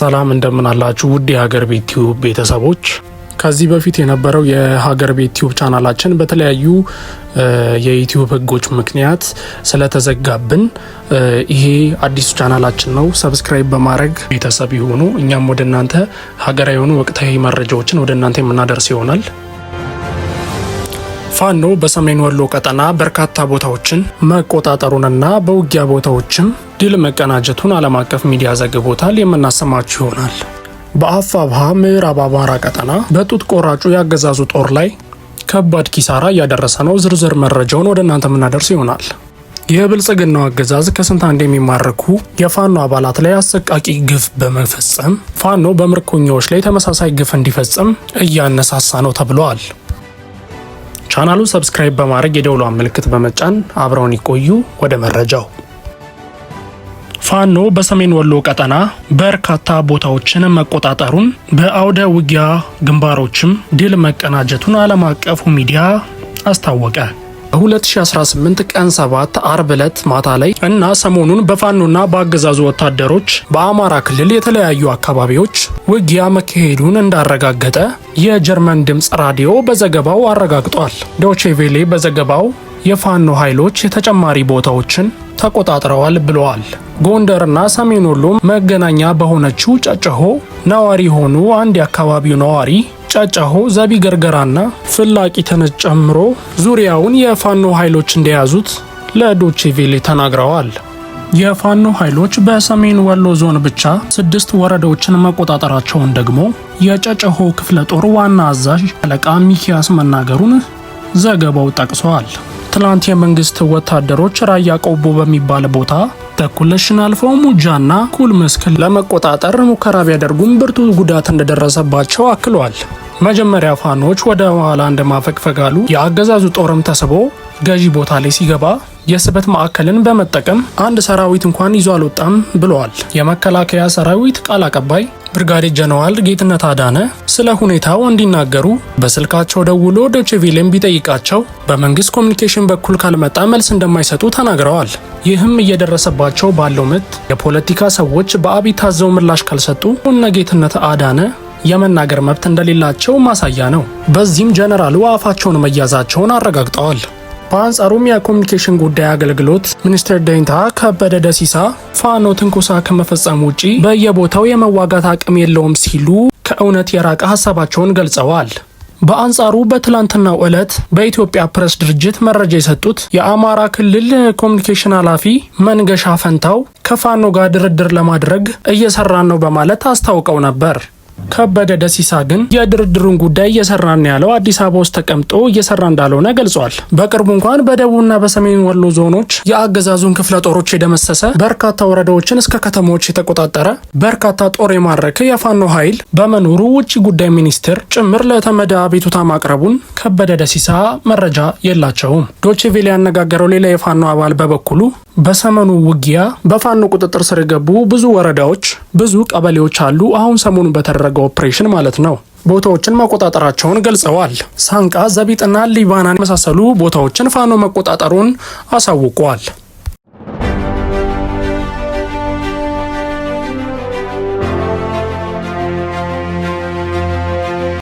ሰላም እንደምናላችሁ ውድ የሀገር ቤት ቲዩብ ቤተሰቦች። ከዚህ በፊት የነበረው የሀገር ቤት ቲዩብ ቻናላችን በተለያዩ የዩቲዩብ ህጎች ምክንያት ስለተዘጋብን ይሄ አዲሱ ቻናላችን ነው። ሰብስክራይብ በማድረግ ቤተሰብ ይሁኑ። እኛም ወደ እናንተ ሀገራዊ የሆኑ ወቅታዊ መረጃዎችን ወደ እናንተ የምናደርስ ይሆናል። ፋኖ በሰሜን ወሎ ቀጠና በርካታ ቦታዎችን መቆጣጠሩንና በውጊያ ቦታዎችም ድል መቀናጀቱን ዓለም አቀፍ ሚዲያ ዘግቦታል። የምናሰማችሁ ይሆናል። በአፋብሃ ምዕራብ አማራ ቀጠና በጡት ቆራጩ ያገዛዙ ጦር ላይ ከባድ ኪሳራ እያደረሰ ነው። ዝርዝር መረጃውን ወደ እናንተ የምናደርስ ይሆናል። የብልጽግናው አገዛዝ ከስንት አንድ የሚማረኩ የፋኖ አባላት ላይ አሰቃቂ ግፍ በመፈጸም ፋኖ በምርኮኛዎች ላይ ተመሳሳይ ግፍ እንዲፈጽም እያነሳሳ ነው ተብለዋል። ቻናሉን ሰብስክራይብ በማድረግ የደውሏን ምልክት በመጫን አብረውን ይቆዩ። ወደ መረጃው ፋኖ በሰሜን ወሎ ቀጠና በርካታ ቦታዎችን መቆጣጠሩን በአውደ ውጊያ ግንባሮችም ድል መቀናጀቱን ዓለም አቀፉ ሚዲያ አስታወቀ። በ2018 ቀን 7 አርብ ዕለት ማታ ላይ እና ሰሞኑን በፋኖና በአገዛዙ ወታደሮች በአማራ ክልል የተለያዩ አካባቢዎች ውጊያ መካሄዱን እንዳረጋገጠ የጀርመን ድምፅ ራዲዮ በዘገባው አረጋግጧል። ዶቼቬሌ በዘገባው የፋኖ ኃይሎች የተጨማሪ ቦታዎችን ተቆጣጥረዋል ብለዋል። ጎንደርና ሰሜን ወሎ መገናኛ በሆነችው ጨጨሆ ነዋሪ የሆኑ አንድ የአካባቢው ነዋሪ ጨጨሆ ዘቢ ገርገራና ፍላቂትን ጨምሮ ዙሪያውን የፋኖ ኃይሎች እንደያዙት ለዶቼቬሌ ተናግረዋል። የፋኖ ኃይሎች በሰሜን ወሎ ዞን ብቻ ስድስት ወረዳዎችን መቆጣጠራቸውን ደግሞ የጨጨሆ ክፍለ ጦር ዋና አዛዥ አለቃ ሚኪያስ መናገሩን ዘገባው ጠቅሷል። ትላንት የመንግስት ወታደሮች ራያ ቆቦ በሚባል ቦታ ተኩለሽን አልፈው ሙጃና ኩል መስክ ለመቆጣጠር ሙከራ ቢያደርጉም ብርቱ ጉዳት እንደደረሰባቸው አክሏል። መጀመሪያ ፋኖች ወደ ኋላ እንደማፈግፈግ አሉ። የአገዛዙ ጦርም ተስቦ ገዢ ቦታ ላይ ሲገባ የስበት ማዕከልን በመጠቀም አንድ ሰራዊት እንኳን ይዞ አልወጣም ብለዋል። የመከላከያ ሰራዊት ቃል አቀባይ ብርጋዴር ጀነራል ጌትነት አዳነ ስለ ሁኔታው እንዲናገሩ በስልካቸው ደውሎ ዶችቪሌን ቢጠይቃቸው በመንግስት ኮሚኒኬሽን በኩል ካልመጣ መልስ እንደማይሰጡ ተናግረዋል። ይህም እየደረሰባቸው ባለው ምት የፖለቲካ ሰዎች በአብይ ታዘው ምላሽ ካልሰጡ እነ ጌትነት አዳነ የመናገር መብት እንደሌላቸው ማሳያ ነው። በዚህም ጀነራሉ አፋቸውን መያዛቸውን አረጋግጠዋል። በአንጻሩም የኮሚኒኬሽን ጉዳይ አገልግሎት ሚኒስትር ደንታ ከበደ ደሲሳ ፋኖ ትንኮሳ ከመፈጸም ውጪ በየቦታው የመዋጋት አቅም የለውም ሲሉ ከእውነት የራቀ ሀሳባቸውን ገልጸዋል። በአንጻሩ በትላንትናው ዕለት በኢትዮጵያ ፕሬስ ድርጅት መረጃ የሰጡት የአማራ ክልል ኮሚኒኬሽን ኃላፊ መንገሻ ፈንታው ከፋኖ ጋር ድርድር ለማድረግ እየሰራን ነው በማለት አስታውቀው ነበር። ከበደ ደሲሳ ግን የድርድሩን ጉዳይ እየሰራን ያለው አዲስ አበባ ውስጥ ተቀምጦ እየሰራ እንዳልሆነ ገልጿል። በቅርቡ እንኳን በደቡብና በሰሜን ወሎ ዞኖች የአገዛዙን ክፍለ ጦሮች የደመሰሰ በርካታ ወረዳዎችን እስከ ከተሞች የተቆጣጠረ በርካታ ጦር የማረከ የፋኖ ኃይል በመኖሩ ውጭ ጉዳይ ሚኒስቴር ጭምር ለተመድ አቤቱታ ማቅረቡን ከበደ ደሲሳ መረጃ የላቸውም። ዶቼ ያነጋገረው ሌላ የፋኖ አባል በበኩሉ በሰመኑ ውጊያ በፋኖ ቁጥጥር ስር የገቡ ብዙ ወረዳዎች፣ ብዙ ቀበሌዎች አሉ። አሁን ሰሞኑን በተደረገው ኦፕሬሽን ማለት ነው ቦታዎችን መቆጣጠራቸውን ገልጸዋል። ሳንቃ፣ ዘቢጥና ሊባናን የመሳሰሉ ቦታዎችን ፋኖ መቆጣጠሩን አሳውቋል።